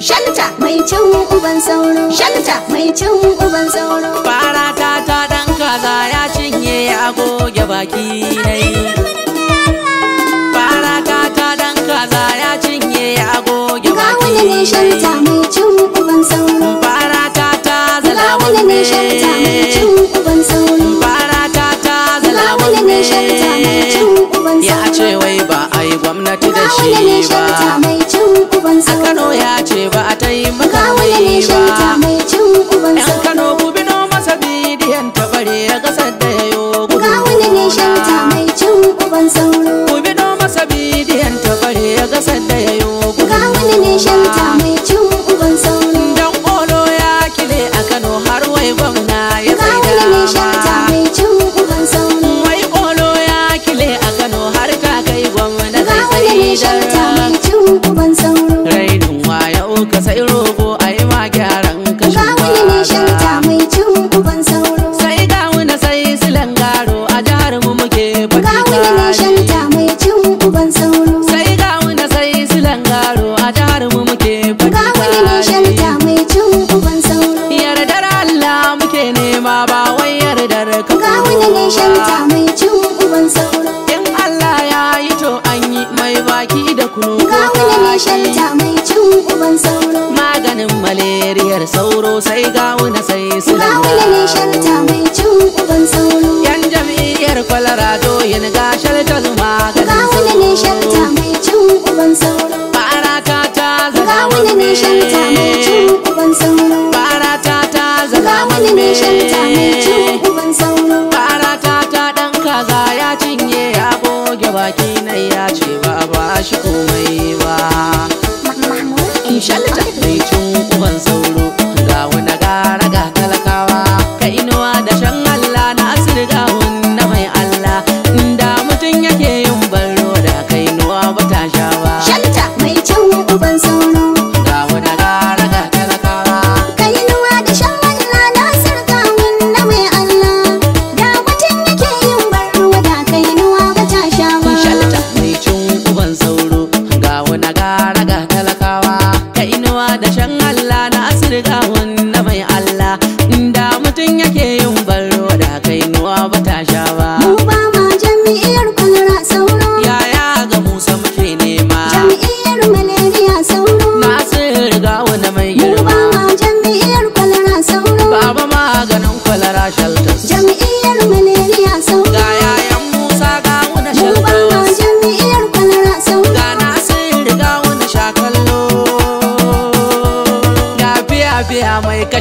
Shanta mai cin uban sauro. Shanta mai cin uban sauro. Fara ta ta dan kaza ya cinye ya goge baki nai. Fara ta ta dan kaza ya cinye ya goge baki. Gawuna ne shanta mai cin uban sauro. Fara ta ta zala ne shanta mai cin 愿你生。baki da kuno ga wani ne shalta mai cin uban sauro maganin malariyar sauro sai ga wani sai su ga wani ne shalta mai cin uban sauro yan jami'ar kwalarado yin ga shalta maganin sauro ga wani ne shalta mai cin uban sauro baraka ta zaga wani shalta mai cin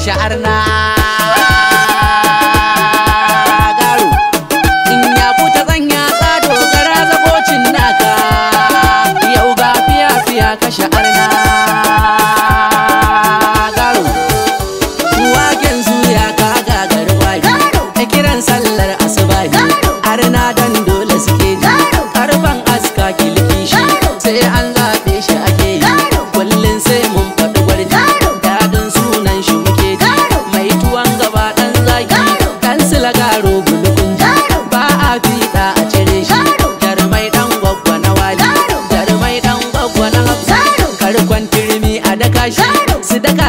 i Sharna. Ah!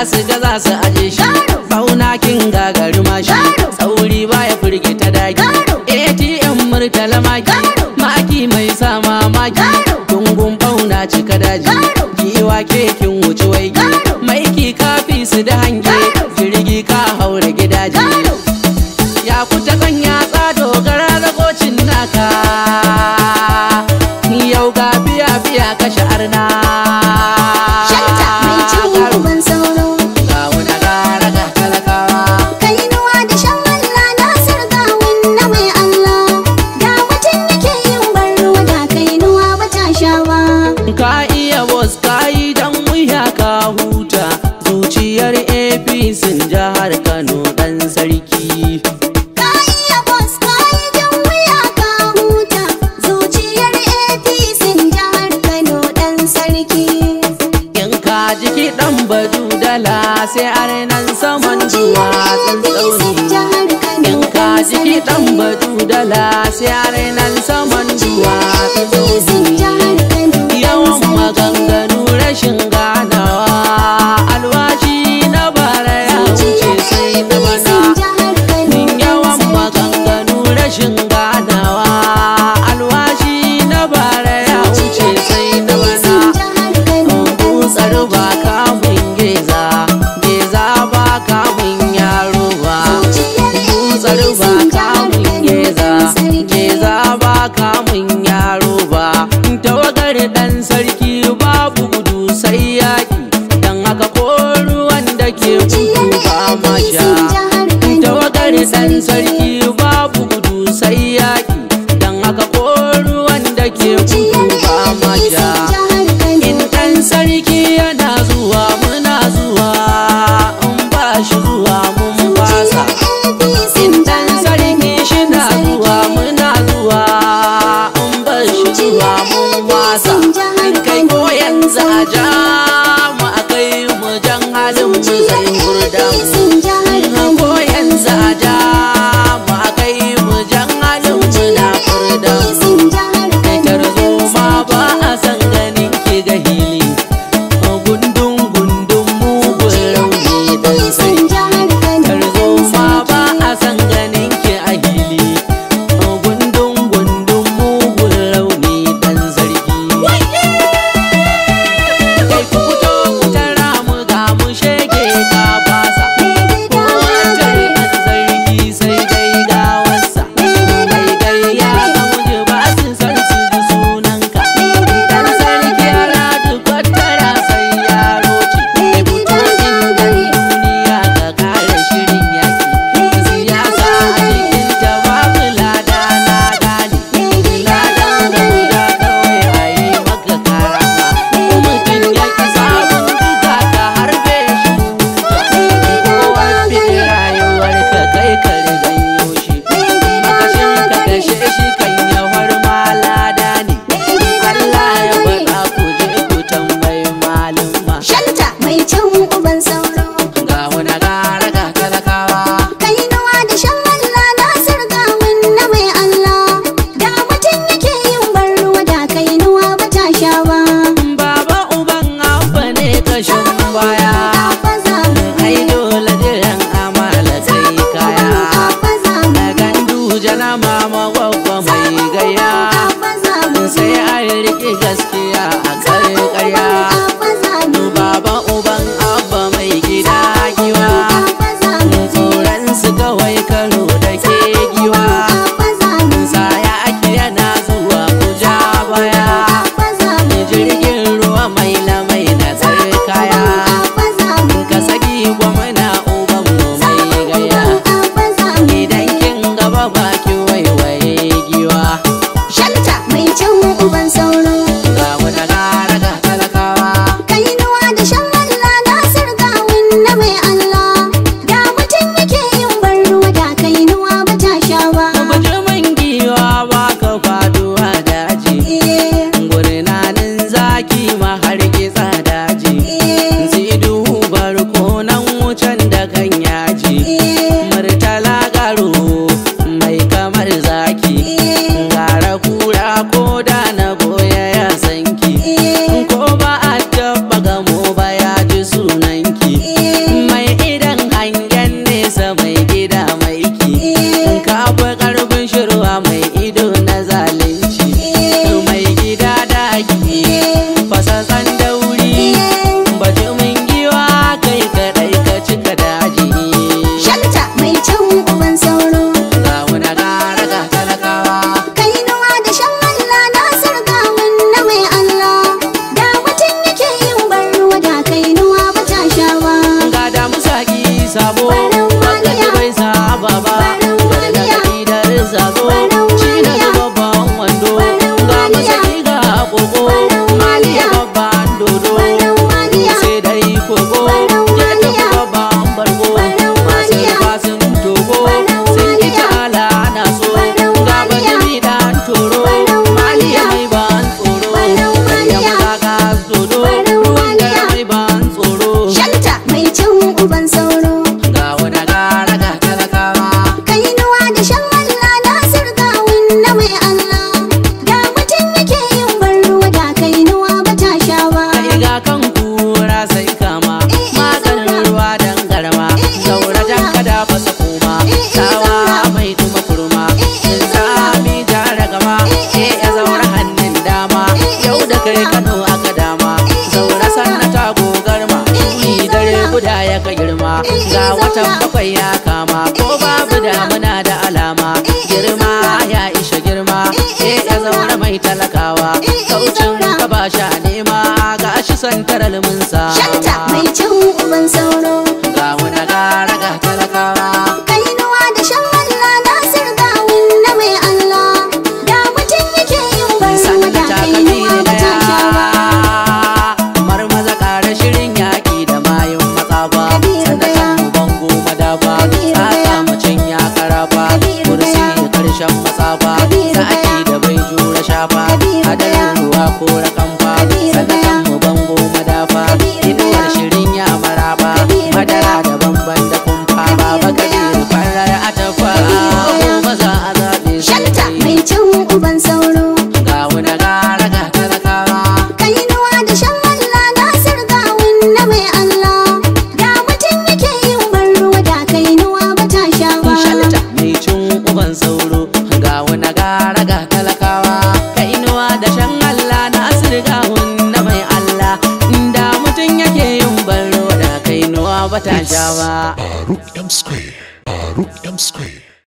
za su ga za su aje shi Fauna kin gagari shi sauri baya furge ta dagi atm murtala maki maki mai sama maki dungun fauna cika daji giwa kekin wuce waige maiki kafi su da hange jirgi ka haura gidaje ya kuta kan ya tsado gara zagocin naka yau ga ya fiya kashe arna sai arnan saman zuwa tsauni in ka jiki dan batu dala sai arnan saman zuwa tsauni jana mama gwagwa mai gaya sai an riƙe gaskiya a talakawa kaucin eh, eh, ka ba sha nema ga shi santaral mun sa shanta mai cin uban sauro ga wani gara ga talakawa kainuwa da shan Allah na sirga na mai Allah da mutum yake yin barwa da kainuwa da tashawa marmaza kara shirin yaki da mayun mayin matsafa sanatan bango madafa tsaka mutum ya karaba kursi karshen matsafa da ake ba hadarin ruwa ko raka